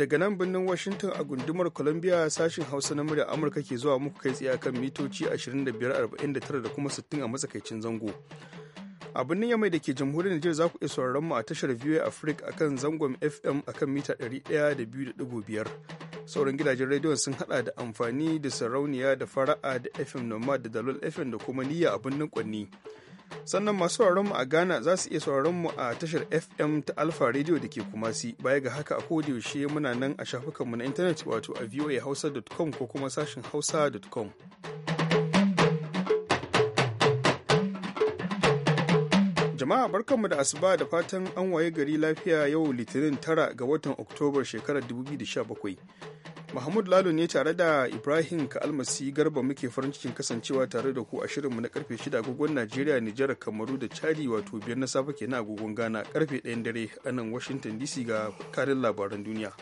daga nan birnin Washington a gundumar Columbia sashen Hausa na murya Amurka ke zuwa muku kai tsaye kan mitoci 2549 da kuma 60 a matsakaicin zango. A birnin Yamai da ke jamhuriyar Nijar za ku iya sauraron mu a tashar VOA Africa akan zangon FM akan mita 102.5. Sauran gidajen rediyon sun hada da amfani da sarauniya da fara'a da FM Nomad da Dalol FM da kuma niyya a birnin Kwanni. sannan masu mu a ghana za su iya sauraron mu a tashar fm ta alfa radio da ke kumasi baya ga haka a yaushe muna nan a shafukanmu na intanet wato a voahausa.com ko kuma sashin hausa.com jama'a barkanmu da asuba da fatan an waye gari lafiya yau litinin tara ga watan oktobar shekarar 2017 Mahmud Lalo ne tare da Ibrahim Ka'almasi Garba muke farin cikin kasancewa tare da ku a shirin mu na karfe 6 agogon Najeriya, Nijar, Kamaru da Chadi wato biyar na safe kenan agogon Ghana karfe 1 dare a nan Washington DC ga karin labaran duniya.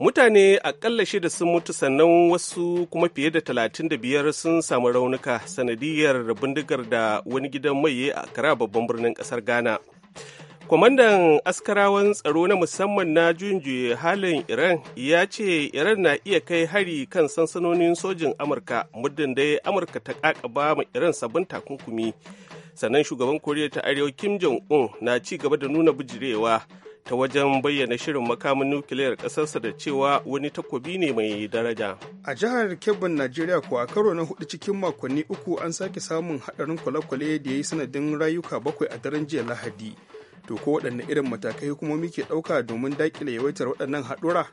Mutane akalla shida sun mutu sannan wasu kuma fiye da talatin da biyar sun samu raunuka sanadiyar bindigar da wani gidan mai a kara babban birnin kasar Ghana. kwamandan askarawan tsaro na musamman na junjuye halin iran ya ce iran na iya kai hari kan sansanonin sojin amurka muddin dai amurka ta kakaba ma iran sabon takunkumi sannan shugaban koriya ta arewa kim jong-un na ci gaba da nuna bijirewa ta wajen bayyana shirin makamin nukiliyar ƙasarsa da cewa wani takobi ne mai daraja. A jihar Kebbin Najeriya ko a karo na hudu cikin makonni uku an sake samun haɗarin kwale-kwale da ya yi sanadin rayuka bakwai a daren jiya Lahadi. to ko waɗanne irin matakai hukumomi muke ɗauka domin daƙile yawaitar waɗannan haɗura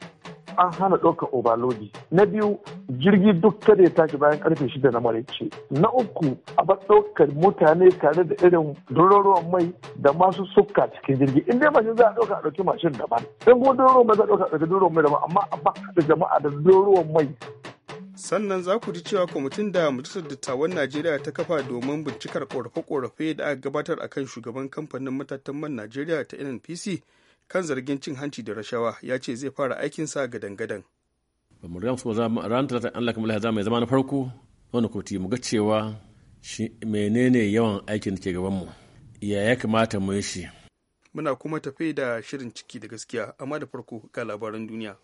an hana ɗaukar obalodi na biyu jirgi duk kada ya tashi bayan karfe shida na maraice na uku a ba ɗaukar mutane tare da irin dororuwan mai da masu suka cikin jirgi in ya mashin za a ɗauka a ɗauki mashin daban in kuma mai za a ɗauka a ɗauki dororuwan mai daban amma a ba da jama'a da dororuwan mai sannan za ku ji cewa kwamitin da majalisar dattawan najeriya ta kafa domin bincikar korafe-korafe da aka gabatar akan shugaban kamfanin matattun man najeriya ta nnpc kan zargin cin hanci da rashawa ya ce zai fara aikinsa gadan-gadan talata Allah zama zama na ga cewa yawan aikin da gaban mu ya kamata mu shi muna kuma tafe da shirin ciki da gaskiya amma da farko ga labaran duniya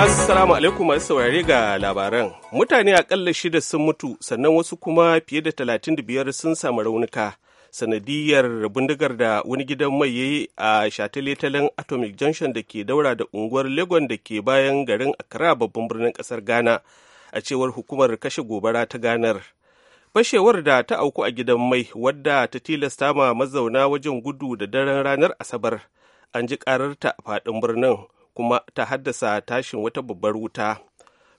Assalamu alaikum masu saurare ga labaran. Mutane akalla shida sun mutu sannan wasu kuma fiye da talatin da biyar sun samu raunuka. Sanadiyar bindigar da wani gidan mai yayi a shataletalen Atomic Junction da ke daura da unguwar Legon da ke bayan garin Accra babban birnin kasar Ghana a cewar hukumar kashe gobara ta Ganar. Fashewar da ta auku a gidan mai wadda ta tilasta ma mazauna wajen gudu da daren ranar Asabar an ji ƙararta a faɗin birnin. kuma ta haddasa tashin wata babbar wuta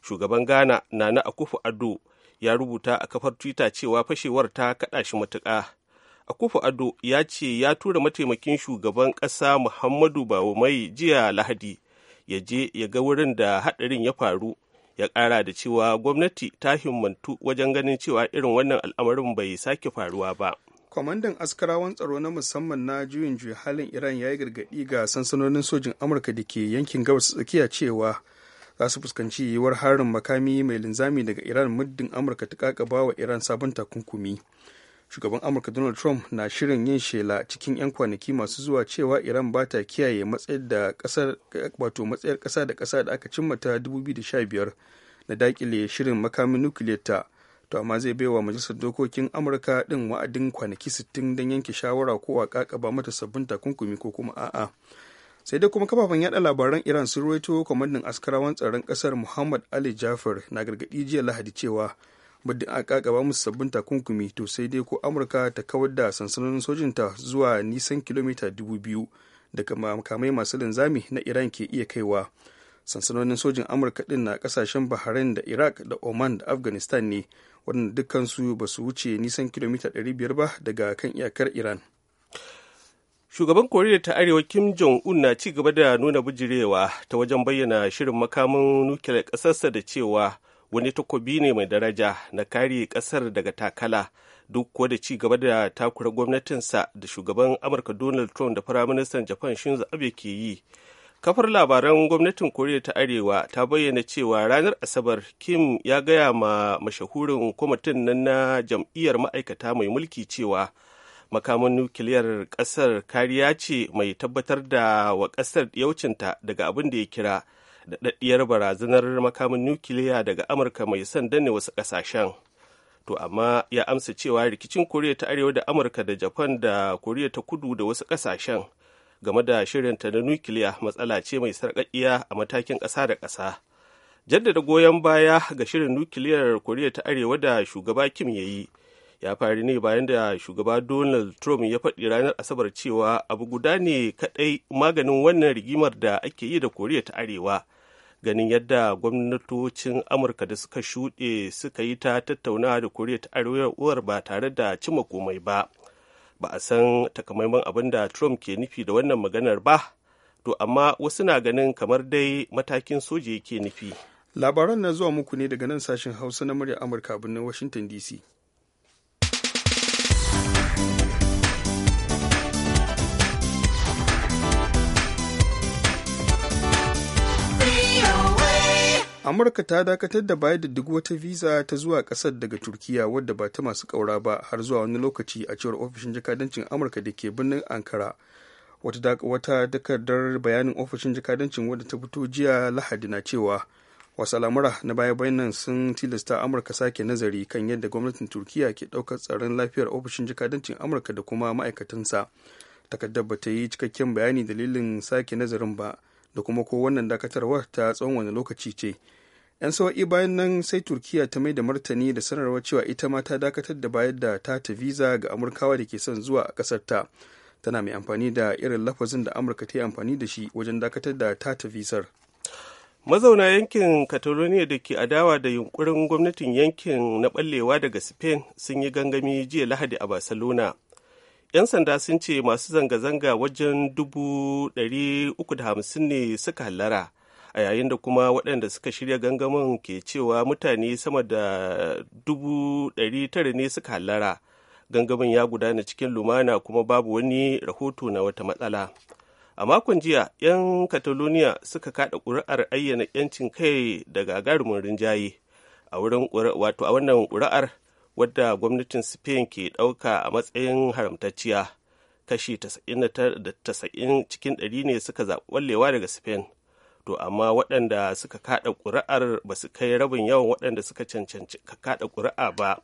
shugaban ghana nana akufu ado ya rubuta a kafar twitter cewa fashewar ta kaɗa shi matuƙa akufu ado ya ce ya tura mataimakin shugaban ƙasa muhammadu bawumai jiya lahadi ya je ya ga wurin da haɗarin ya faru ya ƙara da cewa gwamnati ta himmantu wajen ganin cewa irin wannan al'amarin bai sake faruwa ba. kwamandan askarawan tsaro na musamman na juyin juya halin iran ya yi gargaɗi ga sansanonin sojin amurka da ke yankin gabas tsakiya cewa za su fuskanci yiwuwar harin makami mai linzami daga iran muddin amurka ta kakaba wa iran sabon takunkumi shugaban amurka donald trump na shirin yin shela cikin 'yan kwanaki masu zuwa cewa iran ba ta kiyaye matsayar da ƙasa kasa da kasa da aka cimma ta 2015 na dakile shirin makamin nukiliyar to amma zai baiwa majalisar dokokin amurka din wa'adin kwanaki 60 don yanke shawara ko a kakaba mata sabbin takunkumi ko kuma a'a sai dai kuma kafafen yada labaran iran sun ruwaito kwamandan askarawan tsaron kasar muhammad ali jafar na gargadi jiya lahadi cewa muddin a kakaba musu sabbin takunkumi to sai dai ko amurka ta kawar da sansanonin sojinta zuwa nisan kilomita dubu biyu daga makamai masu linzami na iran ke iya kaiwa sansanonin sojin amurka din na kasashen bahrain da iraq da oman da afghanistan ne waɗanda dukkansu ba su wuce nisan kilomita 500 ba daga kan iyakar iran shugaban koriya ta arewa kim jong-un na ci gaba da nuna bijirewa ta wajen bayyana shirin makamin nukiliyar ƙasarsa da cewa wani takobi ne mai daraja na kare ƙasar daga takala duk kuwa da ci gaba da takura gwamnatinsa da shugaban amurka donald trump da firaministan japan shinzo abe ke yi kafar labaran gwamnatin koriya ta arewa ta bayyana cewa ranar asabar kim ya gaya ma mashahurin kwamitin nan na jam'iyyar ma'aikata mai mulki cewa makaman nukiliyar kasar kariya ce mai tabbatar da wa kasar yaucinta daga abin da ya kira daɗaɗɗiyar barazanar makamin nukiliya daga amurka mai son danne wasu ƙasashen to amma ya amsa cewa rikicin koriya ta arewa da amurka da japan da koriya ta kudu da wasu ƙasashen game da shirin ta na nukiliya matsala ce mai sarƙaƙiya a matakin ƙasa da ƙasa jaddada goyon baya ga shirin nukiliyar koriya ta arewa da shugaba kim ya yi ya faru ne bayan da shugaba donald trump ya faɗi ranar asabar cewa abu guda ne kaɗai maganin wannan rigimar da ake yi da koriya ta arewa ganin yadda gwamnatocin amurka da suka shuɗe suka yi ta tattaunawa da koriya ta uwar ba tare da cimma komai ba ba a san takamaiman abin da trump ke nufi da wannan maganar ba to amma wasu na ganin kamar dai matakin soja yake nufi labaran na zuwa muku ne daga nan sashen hausa na murya amurka birnin washington dc amurka ta dakatar da bayar da duk wata visa ta zuwa kasar daga turkiya wadda ba ta masu kaura ba har zuwa wani lokaci a cewar ofishin jakadancin amurka da ke birnin ankara wata takardar bayanin ofishin jakadancin wadda ta fito jiya lahadi na cewa wasu al'amura na baya bayan nan sun tilasta amurka sake nazari kan yadda gwamnatin turkiya ke ɗaukar tsaron lafiyar ofishin jakadancin amurka da kuma ma'aikatansa takardar ba ta yi cikakken bayani dalilin sake nazarin ba da kuma ko wannan dakatarwar ta tsawon wani lokaci ce 'yan sawa'i bayan nan sai turkiya ta mai da martani da sanarwa cewa ita ma ta dakatar da bayar da tata visa ga amurkawa da ke son zuwa a ƙasar ta tana mai amfani da irin lafazin da amurka ta yi amfani da shi wajen dakatar da tata visar mazauna yankin catalonia da ke adawa da yunkurin gwamnatin yankin na ballewa daga spain sun yi gangami jiya lahadi a barcelona 'yan sanda sun ce masu zanga-zanga wajen 350 ne suka halara. a yayin da kuma waɗanda suka shirya gangamin ke cewa mutane sama da dubu ɗari tara ne suka hallara gangamin ya gudana cikin lumana kuma babu wani rahoto na wata matsala a makon jiya 'yan kataloniya suka kada ƙuri'ar ayyana 'yancin kai da gagarumin rinjaye a wurin wato a wannan ƙuri'ar wadda gwamnatin spain ke ɗauka a matsayin haramtacciya kashi 90 cikin 100 ne suka zaɓi wallewa daga spain to amma waɗanda suka kaɗa ƙuri'ar ba su kai rabin yawan waɗanda suka cancanci kaɗa ƙuri'a ba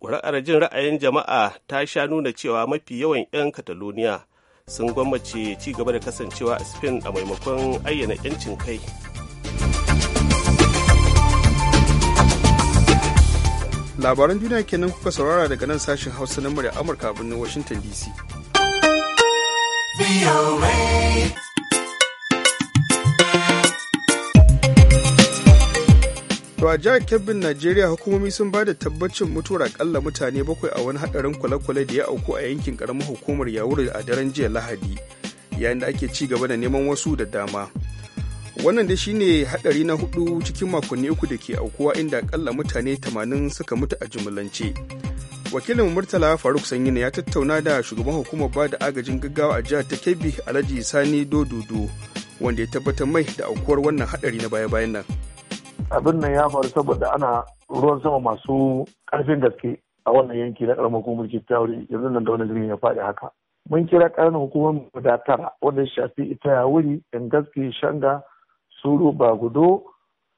ƙuri'ar jin ra'ayin jama'a ta sha nuna cewa mafi yawan 'yan kataloniya sun gwammace ci gaba da kasancewa a spain a maimakon ayyana 'yancin kai labaran duniya kenan kuka saurara daga nan sashen hausa na murya amurka a birnin washington dc To a jihar Kebbin Najeriya hukumomi sun ba da tabbacin mutuwar akalla mutane bakwai a wani hadarin kwale-kwale da ya auku a yankin karamar hukumar Yawuri a daren jiya Lahadi yayin da ake ci gaba da neman wasu da dama. Wannan da shi ne hadari na hudu cikin makonni uku da ke aukuwa inda akalla mutane tamanin suka mutu a jumlance. wakilin murtala faruk sanyi ya tattauna da shugaban hukumar ba da agajin gaggawa a jihar ta kebbi alhaji sani dododo wanda ya tabbatar mai da aukuwar wannan hadari na baya-bayan nan abin nan ya faru saboda ana ruwan sama masu ƙarfin gaske a wannan yanki na karamar hukumar mulki ta yanzu nan da wani jirgin ya faɗi haka mun kira ƙaramin hukumar guda tara wanda ya shafi ita ya wuri gaske shanga suru bagudo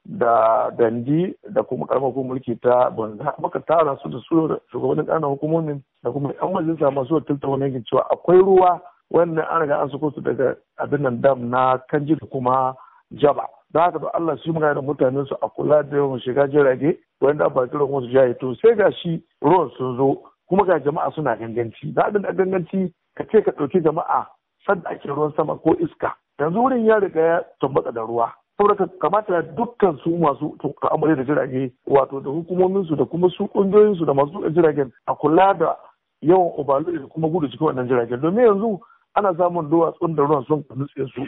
da dandi da kuma ƙaramar hukumar mulki ta banza muka tara su da su shugabannin ƙaramin hukumomin da kuma yan majalisa masu wakilta wani yankin cewa akwai ruwa wannan an riga an su daga abin nan dam na kanji da kuma jaba da haka ba Allah su magana da mutanen su a kula da yawan shiga jirage wanda ba kira wasu jaye to sai ga shi ruwan sun zo kuma ga jama'a suna ganganci da abin da ganganci ka ce ka ɗauki jama'a sanda ake ruwan sama ko iska yanzu wurin ya riga ya tambata da ruwa saboda kamata dukkan su masu ta'amari da jirage wato da hukumomin su da kuma su kungiyoyin su da masu jiragen a kula da yawan obalu da kuma gudu cikin wannan jiragen domin yanzu ana samun duwatsun da ruwan sun nutse su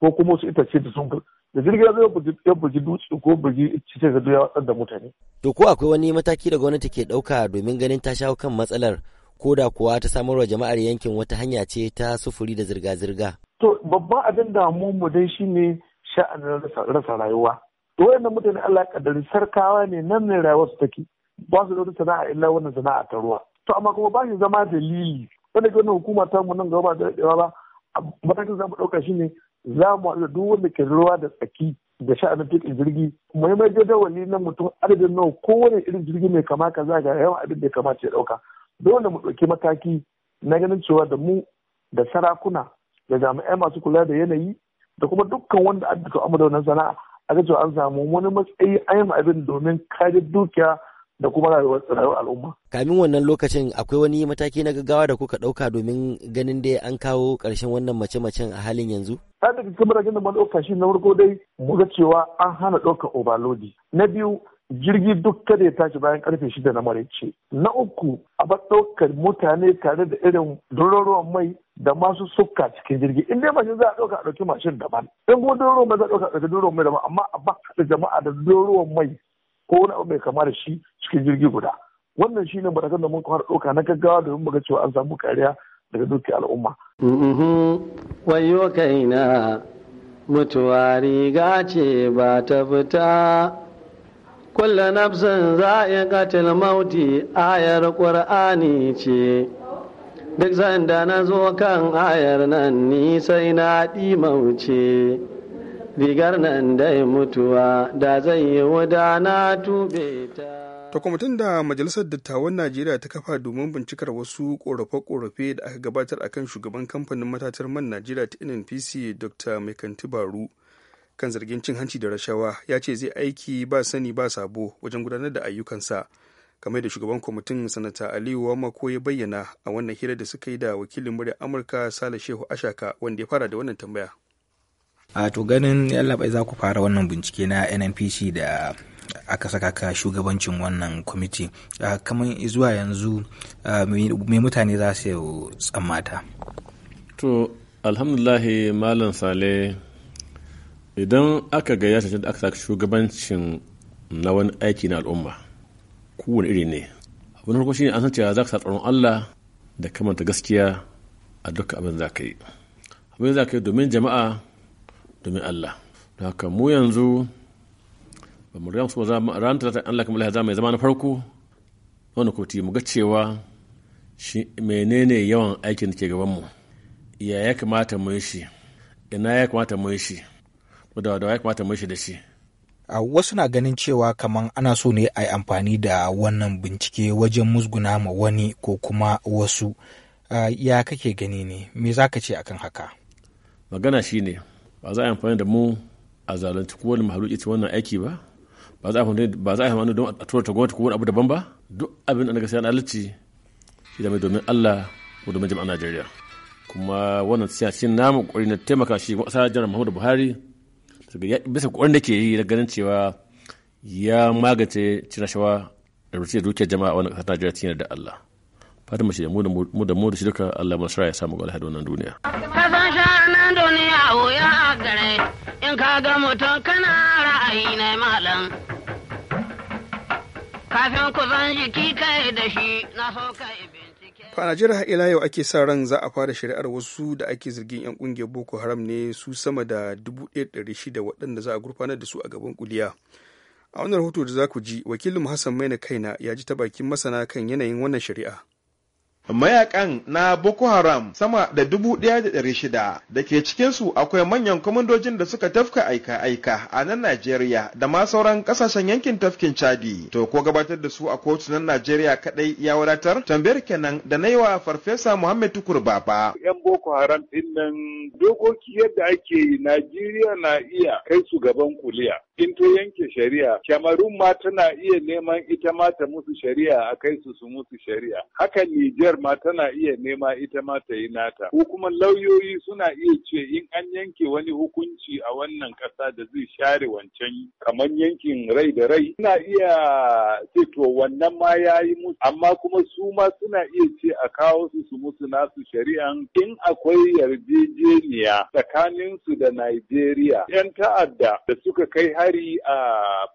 ko kuma su itace da sun da jirgin ya zai ya bugi dutse ko bugi cikin gado ya watsar da mutane. To ko akwai wani mataki da gwamnati ke ɗauka domin ganin ta shawo kan matsalar ko da kuwa ta samarwa jama'ar yankin wata hanya ce ta sufuri da zirga-zirga. To babban abin damuwar mu dai ne sha'anin rasa rayuwa. To wayannan mutane Allah ya kaddari sarkawa ne nan ne rayuwa su take. Ba su da wata sana'a illa wannan sana'a ta ruwa. To amma kuma ba shi zama dalili. Wanda ke wannan hukuma ta mu nan gaba da daɗewa ba matakin za mu ɗauka shine za mu haɗu da duk wanda ke ruwa da tsaki da sha'anin tukin jirgi mai jadawali na mutum adadin nawa kowane irin jirgi mai kama kaza ga yawan abin da ya kamata ya ɗauka dole mu ɗauki mataki na ganin cewa da mu da sarakuna da jami'ai masu kula da yanayi da kuma dukkan wanda a da amma da sana'a a ga cewa an samu wani matsayi an yi abin domin kare dukiya da kuma rayuwar al'umma. Kamin wannan lokacin akwai wani mataki na gaggawa da kuka ɗauka domin ganin dai an kawo ƙarshen wannan mace-macen a halin yanzu? Ta daga kuma matakin da ɗauka shi na farko dai mu ga cewa an hana ɗauka obalodi. Na biyu jirgi duk kada ya tashi bayan karfe shida na maraice. Na uku a ɗaukar mutane tare da irin dororon mai da masu suka cikin jirgi in dai mashin za a ɗauka a ɗauki mashin daban in kuma doron mai za a ɗauka a ɗauki doron mai daban amma a ba jama'a da doron mai ko wani abu mai kama da shi cikin jirgi guda wannan shi ne matakan da mun ɗauka na gaggawa domin muga cewa an samu kariya daga dukkan al'umma. wayo kaina mutuwa riga ce ba ta fita kulla nafsin katil mauti ayar ƙur'ani ce duk sanda na zo kan ayar nan ni sai na ɗi mauce. rigar nan ya mutuwa da zan yi wuda na tube ta. To kwamitin da Majalisar Dattawan Najeriya ta kafa domin bincikar wasu ƙorafe-ƙorafe da aka gabatar a kan shugaban kamfanin matatar man Najeriya ta NNPC Dr. Mekanti Baru kan zargin cin hanci da rashawa ya ce zai aiki ba sani ba sabo wajen gudanar da ayyukansa. kamar da shugaban kwamitin sanata aliyu Mako, ya bayyana a wannan hira da suka yi da wakilin murya amurka sale shehu ashaka wanda ya fara da wannan tambaya a to ganin yalla bai za ku fara wannan bincike na nnpc da aka saka ka shugabancin wannan kwamiti kamar zuwa yanzu mai mutane za su tsammata to alhamdulahi malam sale idan aka ga ya da aka saka shugabancin na wani aiki na al'umma kowane iri ne Abin na farko shine an san cewa za ka sa tsaron allah da kamanta gaskiya a duka abin za ka yi abin za ka yi domin jama'a domin Allah haka mu yanzu ba mu ramsu ranta ta Allah kamar ya zama zama na farko wani koti mu ga cewa menene yawan aikin da ke gaban mu ya ya kamata mu yi shi ina ya kamata mu yi shi da ya kamata mu yi shi da shi a wasu na ganin cewa kamar ana so ne a yi amfani da wannan bincike wajen musguna ma wani ko kuma wasu ya kake gani ne me za ka ce akan haka magana shine ne ba za a yi amfani da mu a zalunci ko wani mahaluki ta wannan aiki ba ba za a yi amfani don a turar ta gwamnati ko wani abu daban ba duk abin da na gasa na alici shi da mai domin Allah ko domin jama'a Najeriya kuma wannan siya na mu kokari na taimaka shi ƙasa jiran Muhammadu Buhari bisa kokarin da ke yi da ganin cewa ya magance cin rashawa da dukiyar jama'a wannan kasar Najeriya cikin da Allah Fatima mu da mu da mu da shi duka Allah masara ya samu gwal wannan duniya ka san duniya wuya a gare in ka ga mutum kana ra'ayi ne malam kafin ku san jiki kai da shi na so ka a Najeriya ila yau ake sa ran za a fara shari'ar wasu da ake zargin 'yan kungiyar Boko Haram ne su sama da 1,600 waɗanda za a gurfanar da su a gaban kuliya. A wannan rahoto da za ku ji, wakilin Hassan Maina kaina ya ji ta bakin masana kan yanayin wannan shari'a. mayakan na Boko Haram sama da dubu ɗaya da ɗari shida da ke cikinsu akwai manyan kwamandojin da suka tafka aika-aika a nan Najeriya da ma sauran ƙasashen yankin tafkin Chadi. To ko gabatar da su a kotunan Najeriya kaɗai ya wadatar? Tambayar kenan da na yi wa Farfesa Muhammad Tukur Baba. 'Yan Boko Haram ɗin nan dokoki yadda ake yi Najeriya na iya kai su gaban kuliya. in ta yanke shari'a kyamarun ma tana iya neman ita ma ta musu shari'a a kai su su musu shari'a haka nijar ma tana iya nema ita ma ta yi nata ko lauyoyi suna iya ce in an yanke wani hukunci a wannan kasa da zai share wancan kamar yankin rai da rai suna iya ce to wannan ma ya yi musu amma kuma su ma suna iya ce a kawo su su musu nasu shari'an in akwai yarjejeniya tsakaninsu da Najeriya 'yan ta'adda da suka kai hari a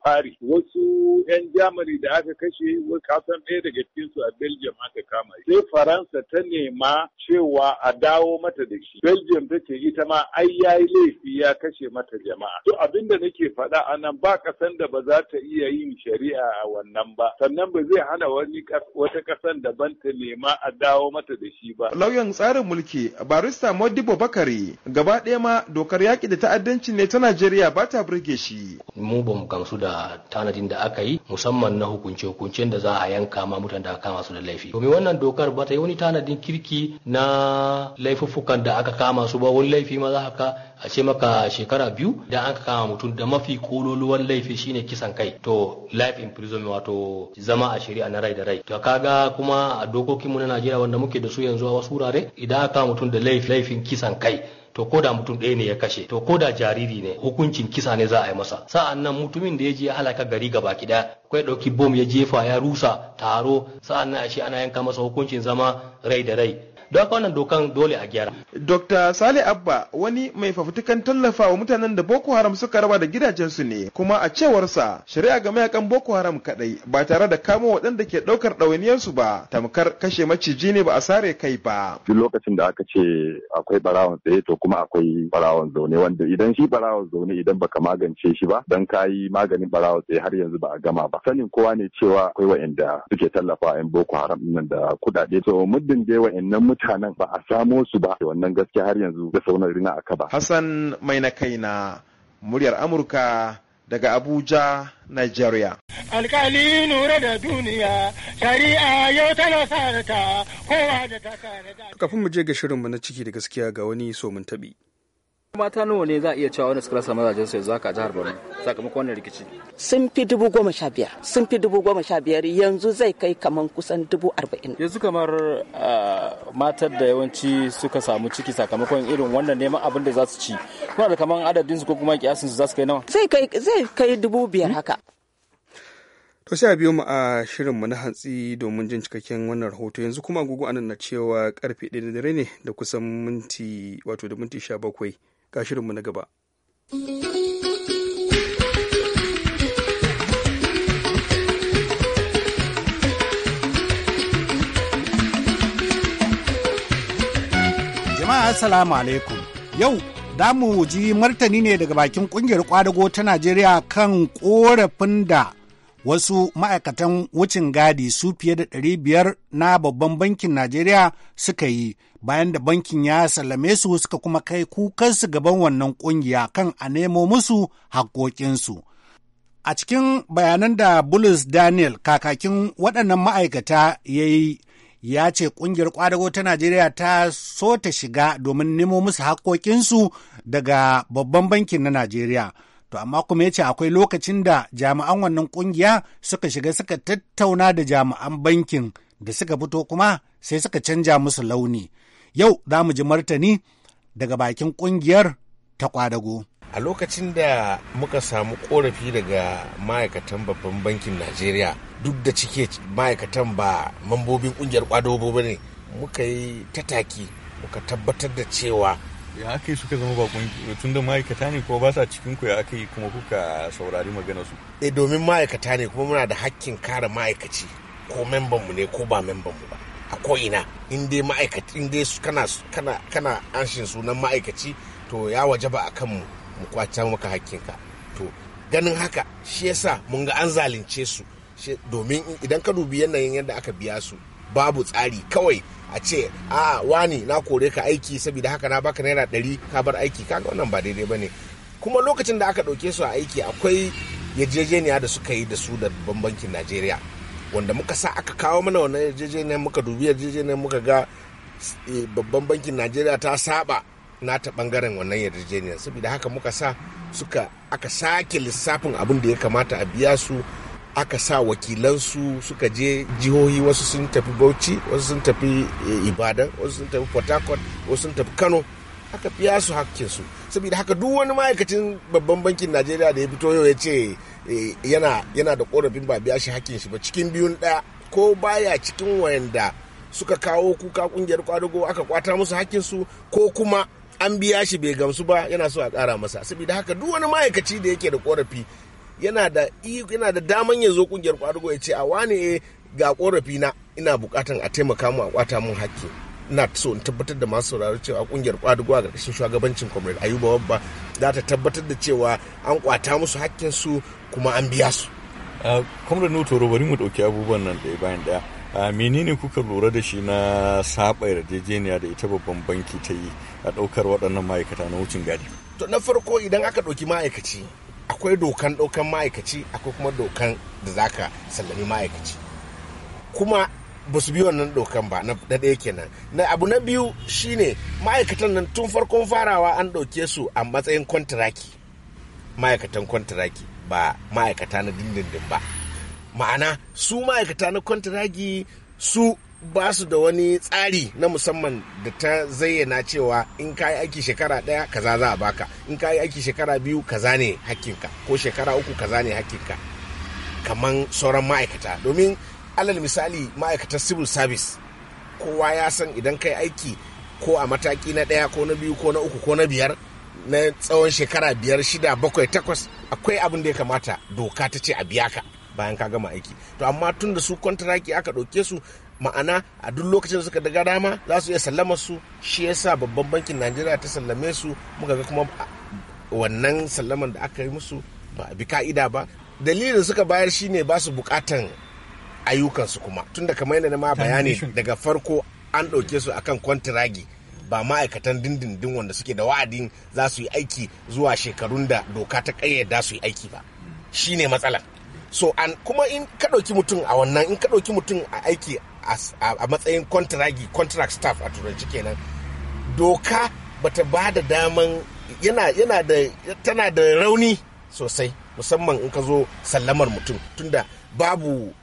Paris. Wasu 'yan Jamani da aka kashe kasan ɗaya daga cikin su a Belgium aka kama. Sai Faransa ta nema cewa a dawo mata da shi. Belgium ta ce ita ma ai yayi laifi ya kashe mata jama'a. To abin da nake faɗa a nan ba kasan da ba za ta iya yin shari'a a wannan ba. Sannan ba zai hana wani wata ƙasan daban ta nema a dawo mata da shi ba. Lauyan tsarin mulki barista Modibo Bakari gaba ɗaya ma dokar yaƙi da ta'addanci ne ta Najeriya ba ta burge shi mu ba mu gamsu da tanadin da aka yi musamman na hukunce hukuncen da za a yanka ma mutan da aka kama su da laifi domin wannan dokar ba ta yi wani tanadin kirki na laifuffukan da aka kama su ba wani laifi ma za ka a ce maka shekara biyu da an kama mutum da mafi kololuwan laifi shine kisan kai to life imprisonment wato zama a shari'a na rai da rai to kaga kuma a dokokinmu na Najeriya wanda muke da su yanzu a wasu wurare idan aka kama mutum da laifin kisan kai to koda mutum ɗaya ne ya kashe to koda jariri ne hukuncin kisa ne za a yi masa sa'an nan mutumin da ya je ya halaka gari ga baki ɗaya akwai ɗauki bom ya jefa ya rusa taro sa'an nan a shi ana yanka masa hukuncin zama rai da rai don haka wannan dokan dole a gyara. Dr. Sale Abba wani mai fafutukan tallafawa mutanen da Boko Haram suka raba da gidajensu ne kuma a cewarsa shari'a ga mayakan Boko Haram kadai ba tare da kamo waɗanda ke ɗaukar ɗawainiyarsu ba tamkar kashe maciji ne ba a sare kai ba. Duk lokacin da aka ce akwai barawon tsaye to kuma akwai barawon zaune wanda idan shi barawon zaune idan baka magance shi ba dan kayi maganin barawon tsaye har yanzu ba a gama ba. Sanin kowa ne cewa akwai wa'anda suke tallafa 'yan Boko Haram nan da kuɗaɗe. To muddin dai wa'annan mutane mutanen ba a samo su ba wannan gaskiya har yanzu da saunar rina aka ba. Hassan mai na kai na muryar Amurka daga Abuja, Nigeria. Alkali nura da duniya, shari'a yau tana sarata, kowa da ta kare da. Kafin mu je ga shirinmu na ciki da gaskiya ga wani so mun taɓi. mata nawa ne za a iya cewa wani suka rasa mazajen su yanzu haka a jihar Borno sakamakon wannan rikici sun fi dubu goma sha biyar sun fi dubu goma sha biyar yanzu zai kai kamar kusan dubu arba'in yanzu kamar ah, matar da yawanci suka samu ciki sakamakon irin wannan neman abin da za su ci kuna da kamar adadin su ko kuma kiyasin su za su kai nawa zai kai zai kai dubu biyar hmm? haka To sai a biyo mu a mu na hantsi domin jin cikakken wannan rahoto yanzu kuma agogo anan na cewa karfe 1 da dare ne da kusan minti wato da minti 17 ga shirinmu na gaba. Jama'a Assalamu alaikum. Yau za mu ji martani ne daga bakin kungiyar kwadago ta Najeriya kan korafin da wasu ma'aikatan wucin gadi su fiye da ɗari biyar na babban bankin Najeriya suka yi bayan da bankin ya sallame su suka kuma kai kukansu gaban wannan ƙungiya kan a nemo musu haƙoƙinsu. A cikin bayanan da Bulus Daniel kakakin waɗannan ma'aikata ya yi ya ce ƙungiyar ƙwadago ta Najeriya ta so ta shiga domin nemo musu haƙoƙinsu daga babban bankin na Najeriya. to amma kuma ya ce akwai lokacin da jami'an wannan kungiya suka shiga suka tattauna da jami'an bankin da suka fito kuma sai suka canja musu launi yau za mu ji martani daga bakin kungiyar ta kwadago a lokacin da muka samu korafi daga ma'aikatan babban bankin najeriya duk da cike ma'aikatan ba mambobin kungiyar kwadago ba ne muka yi tataki muka tabbatar da cewa ya aka yi suka zama bakon tun da ma'aikata ne kuma ba sa cikin ku ya aka yi kuma kuka saurari magana su eh domin ma'aikata ne kuma muna da hakkin kare ma'aikaci ko memban mu ne ko ba memban mu ba a ko ina in dai ma'aikaci in dai kana kana kana anshin sunan ma'aikaci to ya wajaba akan mu mu kwace maka hakkin ka to ganin haka shi yasa mun ga an zalunce su domin idan ka dubi yanayin yadda aka biya su babu tsari kawai a ce a wani na kore ka aiki saboda haka na baka naira ɗari ka bar aiki kaga wannan ba daidai ba ne kuma lokacin da aka ɗauke su a aiki akwai yarjejeniya da suka yi da su da bankin najeriya wanda muka sa aka kawo mana wannan yarjejeniyar muka dubi yarjejeniyar muka ga eh, babban bankin najeriya ta saba na ta bangaren wannan yarjejeniyar saboda haka muka sa suka aka sake lissafin abin da ya kamata a biya su aka sa wakilansu suka je jihohi wasu sun tafi bauchi wasu sun tafi eh, ibadan wasu sun tafi port harcourt wasu sun tafi kano aka fiya su hakkinsu saboda haka duk wani ma'aikacin babban bankin najeriya da ya fito yau ya ce eh, yana da korafin ba biya shi hakkin shi ba cikin biyun daya ko baya cikin wayanda suka kawo kuka kungiyar kwadago aka kwata musu hakkinsu ko kuma an biya shi bai gamsu ba yana so a kara masa saboda haka duk wani ma'aikaci da yake da korafi yana da yana daman ya zo kungiyar kwadugo ya ce a wane eh, ga korafi na ina bukatan a taimaka mu a kwata mun hakki na so in tabbatar da masu sauraro cewa kungiyar kwadugo a ƙarƙashin shugabancin comrade ayuba babba za ta tabbatar da cewa an kwata musu hakkin su kuma an biya su comrade nutoro bari mu dauki abubuwan nan ɗaya bayan ɗaya a menene kuka lura da shi na saba yarjejeniya da ita babban banki ta yi a ɗaukar waɗannan ma'aikata na wucin gadi to na farko idan aka ɗauki ma'aikaci akwai dokan ɗaukan ma'aikaci akwai kuma dokan da za ka sallami ma'aikaci kuma ba su bi wannan dokan ba na ɗaya kenan na abu na biyu shine ma'aikatan nan tun farkon farawa an ɗauke su a matsayin kwantiraki ma'aikatan kwantiraki ba ma'aikata na dindindin ba ma'ana su ma'aikata na kwantiraki su ba su da wani tsari na musamman da ta zayyana cewa in ka yi aiki shekara ɗaya kaza za a baka in ka yi aiki shekara biyu kaza ne hakkinka ko shekara uku kaza ne hakkinka kamar sauran ma'aikata domin alal misali ma'aikatar civil service kowa ya san idan ka yi aiki ko a mataki na ɗaya ko na biyu ko na uku ko na biyar na tsawon shekara biyar shida bakwai takwas akwai abin da ya kamata doka ta ce a biya ka bayan ka gama aiki to amma tun da su kwantaraki aka ɗauke su ma'ana a duk lokacin da suka daga dama za su iya sallama su shi yasa babban bankin najeriya ta sallame su muka ga kuma wannan sallaman da aka yi musu ba bi ka'ida ba dalilin da suka bayar shine ba su bukatan ayyukansu kuma tunda kamar yadda na ma bayani daga farko an ɗauke su akan kwantiragi ba ma'aikatan dindindin wanda suke da wa'adin za su yi aiki zuwa shekarun da doka ta ƙayyada su yi aiki ba shine matsalar so an kuma in ka ɗauki mutum a wannan in ka ɗauki mutum a aiki a matsayin kontragi contract staff a turanci kenan doka bata ba da daman yana yana da tana da rauni sosai musamman in ka zo sallamar mutum tunda babu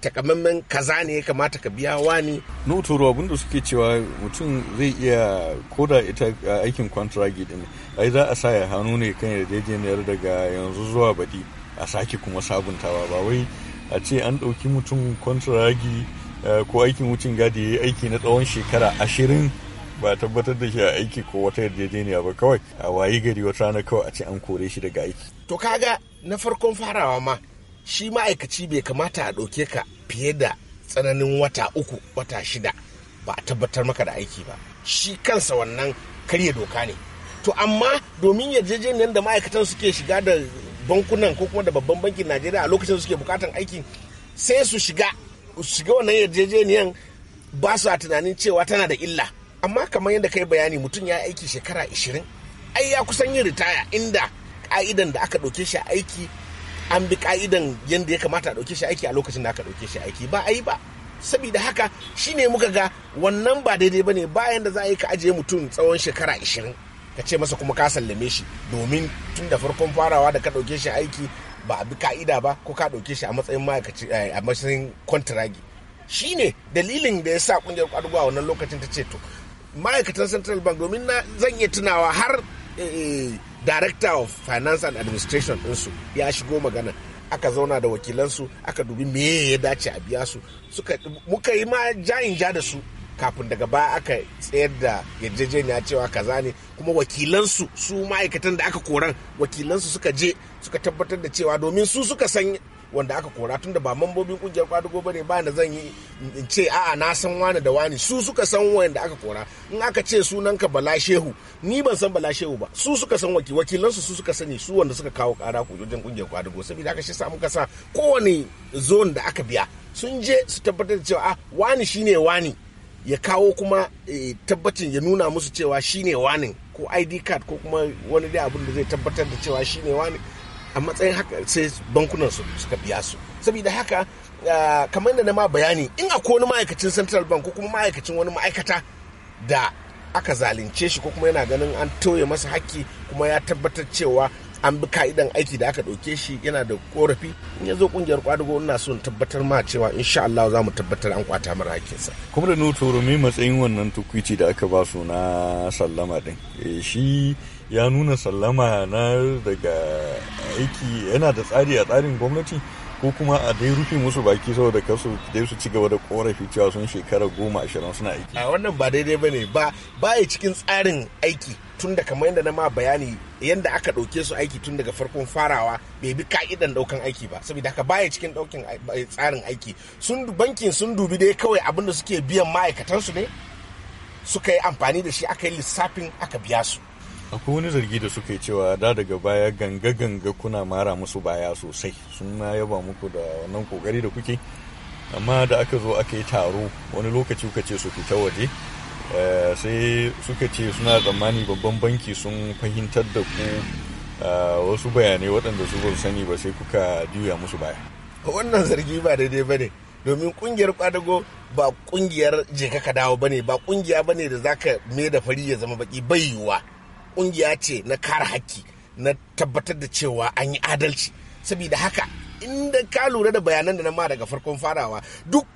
takamaiman kaza ne ya kamata ka biya wani. Notoro abinda suke cewa mutum zai iya koda ita aikin kwantiragi din ai za a sa ya hannu ne kan yarjejeniyar daga yanzu zuwa baɗi a sake kuma sabuntawa ba wai a ce an ɗauki mutum kontragi Eh, ko aikin wucin gadi ya yi aiki na tsawon shekara ashirin ba tabbatar da shi a aiki ko wata yarjejeniya ba kawai a wayi gari wata rana kawai a ce an kore shi daga aiki. To kaga na farkon farawa ma shi ma'aikaci bai kamata a ɗauke ka fiye da tsananin wata uku wata shida ba a tabbatar maka da aiki ba shi kansa wannan karya doka ne to amma domin yarjejeniyar da ma'aikatan suke shiga da bankunan ko kuma da babban bankin najeriya a lokacin suke bukatan aikin sai su shiga shiga wannan yarjejeniyan ba su a tunanin cewa tana da illa amma kamar yadda kai bayani mutum ya aiki shekara 20 ai ya kusan yin ritaya inda ka'idan da aka ɗauke shi aiki an bi ka'idan yadda ya kamata a ɗauke shi aiki a lokacin da aka ɗauke shi aiki ba a yi ba saboda haka shine muka ga wannan ba daidai ba ne bayan da za a yi ka ajiye mutum tsawon shekara 20 ka ce masa kuma ka sallame shi domin tun da farkon farawa da ka ɗauke shi aiki ba a bi ka'ida ba ko ka ɗauke shi a matsayin ma'aikaci eh, a matsayin kwantiragi Shi ne dalilin da ya sa ƙungiyar kwadugo a wannan lokacin ta ce to ma'aikatan central bank domin na zan iya tunawa har eh, eh, director of finance and administration ɗinsu ya shigo magana aka zauna da wakilansu aka dubi me ya dace a biya su muka yi ma jayin ja da su kafin daga baya aka tsayar da yarjejeniya cewa kaza ne kuma wakilansu su ma'aikatan da aka koran wakilansu suka je suka tabbatar da cewa domin su suka san wanda aka kora tun da ba mambobin kungiyar kwadugo ba ne ba da zan yi in ce a'a na san wani da wani su suka san wanda aka kora in aka ce sunanka bala shehu ni ban san bala shehu ba su suka san waki wakilansu su suka sani su wanda suka kawo kara ku wajen kungiyar kwadugo saboda aka shi samu kasa kowane zon da aka biya sun je su tabbatar da cewa a wani shine wani ya kawo kuma eh, tabbacin ya nuna musu cewa shine wani ko id card ko kuma wani dai abin da zai tabbatar da cewa shine wani a matsayin haka sai bankunan su suka biya su saboda haka ah, kamar da na ma bayani in a wani ma'aikacin central bank ko kuma ma'aikacin wani ma'aikata da aka zalunce shi ko kuma yana ganin an toye masa haƙƙi kuma ya tabbatar cewa an bi ka'idan aiki da aka ɗauke shi yana da korafi in ya zo ƙungiyar kwadugo ina son tabbatar ma cewa insha Allah za mu tabbatar an kwata mara hakinsa. kuma da nuto rumi matsayin wannan tukwici da aka ba su na sallama din eh, shi ya nuna sallama na daga aiki yana da tsari a tsarin gwamnati ko kuma a dai rufe musu baki saboda kasu dai su ci gaba da korafi cewa sun shekara goma ashirin suna aiki a wannan ba daidai ba ne ba ya cikin tsarin aiki tun da kamar yadda na ma bayani yadda aka ɗauke su aiki tun daga farkon farawa bai bi ka'idan ɗaukan aiki ba saboda haka ba baya cikin ɗaukin tsarin aiki sun bankin sun dubi dai kawai abin da suke biyan ma'aikatansu ne suka yi amfani da shi aka yi lissafin aka biya su akwai wani zargi da suka yi cewa da daga baya ganga-ganga kuna mara musu baya sosai sun na yaba muku da wannan kokari da kuke amma da aka zo aka yi taro wani lokaci kuka ce su fita waje eh, sai suka ce suna tsammani babban banki sun fahimtar da ku eh, wasu bayanai waɗanda su ban sani ba sai kuka juya musu baya wannan zargi ba daidai ba ne domin kungiyar kwadago ba kungiyar jeka ka dawo ba ne ba kungiya ba ne da zaka me da fari ya zama baki bai yiwuwa kungiya ce na kare haƙƙi na tabbatar da cewa an yi adalci saboda haka inda ka lura da bayanan da na ma daga farkon farawa duk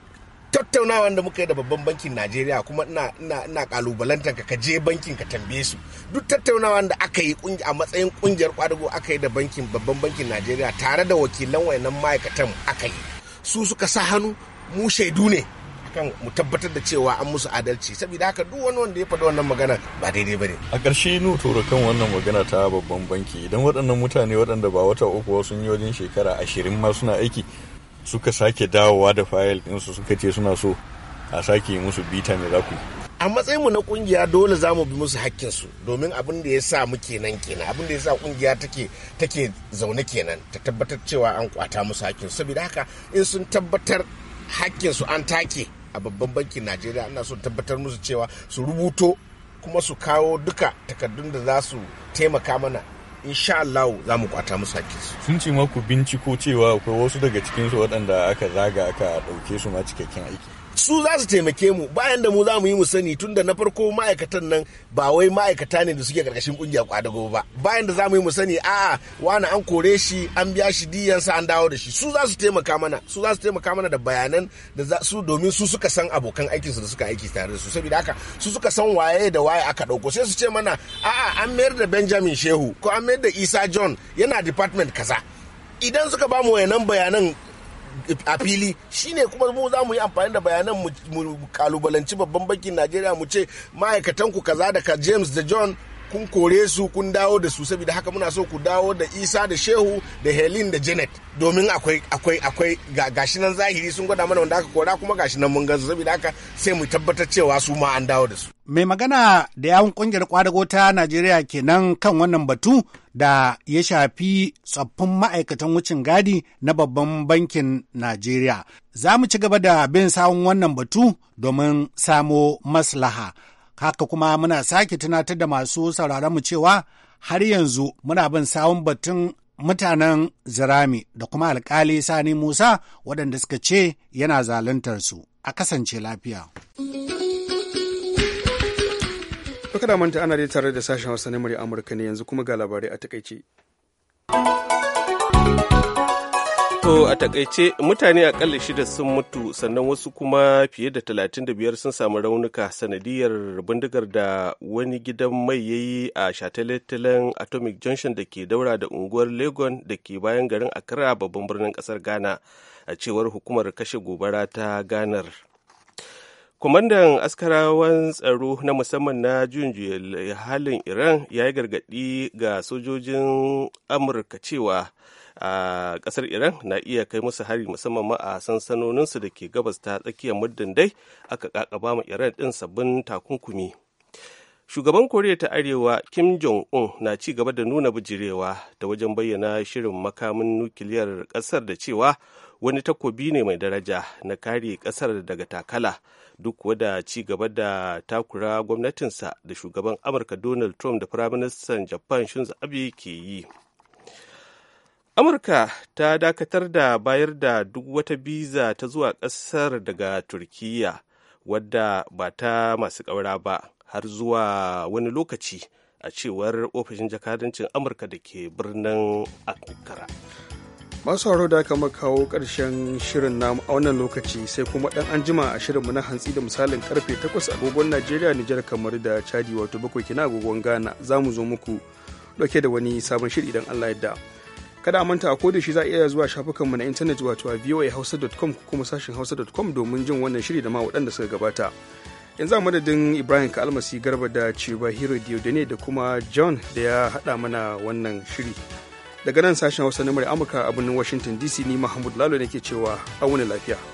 tattaunawa da muka yi da babban bankin najeriya kuma ina kalubalantar ka je bankin ka tambaye su duk tattaunawa da aka yi a matsayin kungiyar kwadago aka yi da babban bankin najeriya tare da wakilan wayannan ma'aikatan aka yi su suka sa hannu mu shaidu ne akan mu tabbatar da cewa an musu adalci saboda haka duk wani wanda ya faɗi wannan magana ba daidai bane a ƙarshe nu tura kan wannan magana ta babban banki idan waɗannan mutane waɗanda ba wata uku sun yi wajen shekara ashirin ma suna aiki suka sake dawowa da fayil ɗinsu suka ce suna so a sake musu bita mai za ku a matsayinmu na kungiya dole za mu bi musu hakkinsu domin abin da ya sa mu kenan kenan abin da ya sa kungiya take take zaune kenan ta tabbatar cewa an kwata musu hakkinsu saboda haka in sun tabbatar hakkinsu an take a babban bankin najeriya ana so tabbatar musu cewa su rubuto kuma su kawo duka takardun da za su taimaka mana insha Allah za mu kwata musu hakki sun ce maku binciko cewa akwai wasu daga cikin su waɗanda aka zaga aka ɗauke su ma cikakken aiki su za su taimake mu bayan da mu za mu yi mu sani tunda na farko ma'aikatan nan ba wai ma'aikata ne da suke karkashin kungiya kwadago ba bayan da za mu yi mu sani a'a wani an kore shi an biya shi sa an dawo da shi su za su taimaka mana su za su taimaka mana da bayanan da su domin su suka san abokan aikin su da suka aiki tare da su saboda haka su suka san waye da waye aka dauko sai su ce mana a'a an mayar da Benjamin Shehu ko an mayar da Isa John yana department kaza idan suka ba mu wayannan bayanan a fili shi ne kuma mu za mu yi amfani da bayanan mu kalubalanci babban bankin najeriya mu ce ma'aikatan ku kaza da ka james da john kun kore su kun dawo da su saboda haka muna so ku dawo da isa da shehu da helin da janet domin akwai akwai akwai gashi nan zahiri sun gwada mana wanda aka kora kuma gashi nan mun gansu saboda haka sai mu tabbatar cewa su ma an dawo da su Mai magana da yawun kungiyar kwadago ta Najeriya kenan kan wannan batu da ya shafi tsoffin ma'aikatan wucin gadi na babban bankin Najeriya. Za mu ci gaba da bin sawun wannan batu domin samo maslaha. Haka kuma muna sake tunatar da masu sauraron mu cewa har yanzu muna bin sawun batun mutanen Zirami da kuma alkali Sani Musa waɗanda suka ce yana zaluntar su. A kasance lafiya. To kada manta ana tare da sashen Hausa na murya Amurka ne yanzu kuma ga labarai a takaice. To a takaice mutane akalla shida sun mutu sannan wasu kuma fiye da talatin da biyar sun samu raunuka sanadiyar bindigar da wani gidan mai yayi a shataletalen Atomic Junction da ke daura da unguwar Legon da ke bayan garin Accra babban birnin kasar Ghana a cewar hukumar kashe gobara ta Ganar. kwamandan askarawan tsaro na musamman na junjiyar halin iran ya yi gargadi ga sojojin amurka cewa a ƙasar iran na iya kai musu hari musamman ma a sansanoninsu da ke gabas ta tsakiyar muddin dai aka kakaba ma iran din sabbin takunkumi shugaban koriya ta arewa kim jong-un na ci gaba da nuna bijirewa ta wajen bayyana shirin makamin nukiliyar kasar da cewa wani takobi ne mai daraja na kare kasar daga takala duk wada ci gaba da takura gwamnatinsa da shugaban amurka donald trump da firaministan japan shinzo abe ke yi amurka ta dakatar da bayar da duk wata biza ta zuwa kasar daga turkiya wadda ba ta masu ƙaura ba har zuwa wani lokaci a cewar ofishin jakadancin amurka da ke birnin ankara masu haro da aka kawo karshen shirin namu a wannan lokaci sai kuma ɗan anjima jima a shirinmu na hantsi da misalin karfe 8 agogon najeriya nijar kamar da chadi wato bakwai kina agogon ghana za mu zo muku dauke da wani sabon shiri idan allah yadda kada a manta a koda shi za a iya zuwa shafukanmu na intanet wato a voahausa.com ko kuma sashin hausa.com domin jin wannan shiri da ma waɗanda suka gabata yanzu a madadin ibrahim kalmasi garba da ciba hero ne da kuma john da ya haɗa mana wannan shiri daga nan sashen hausa na amurka a birnin washington dc ni mahmud lalo ne ke cewa a wani lafiya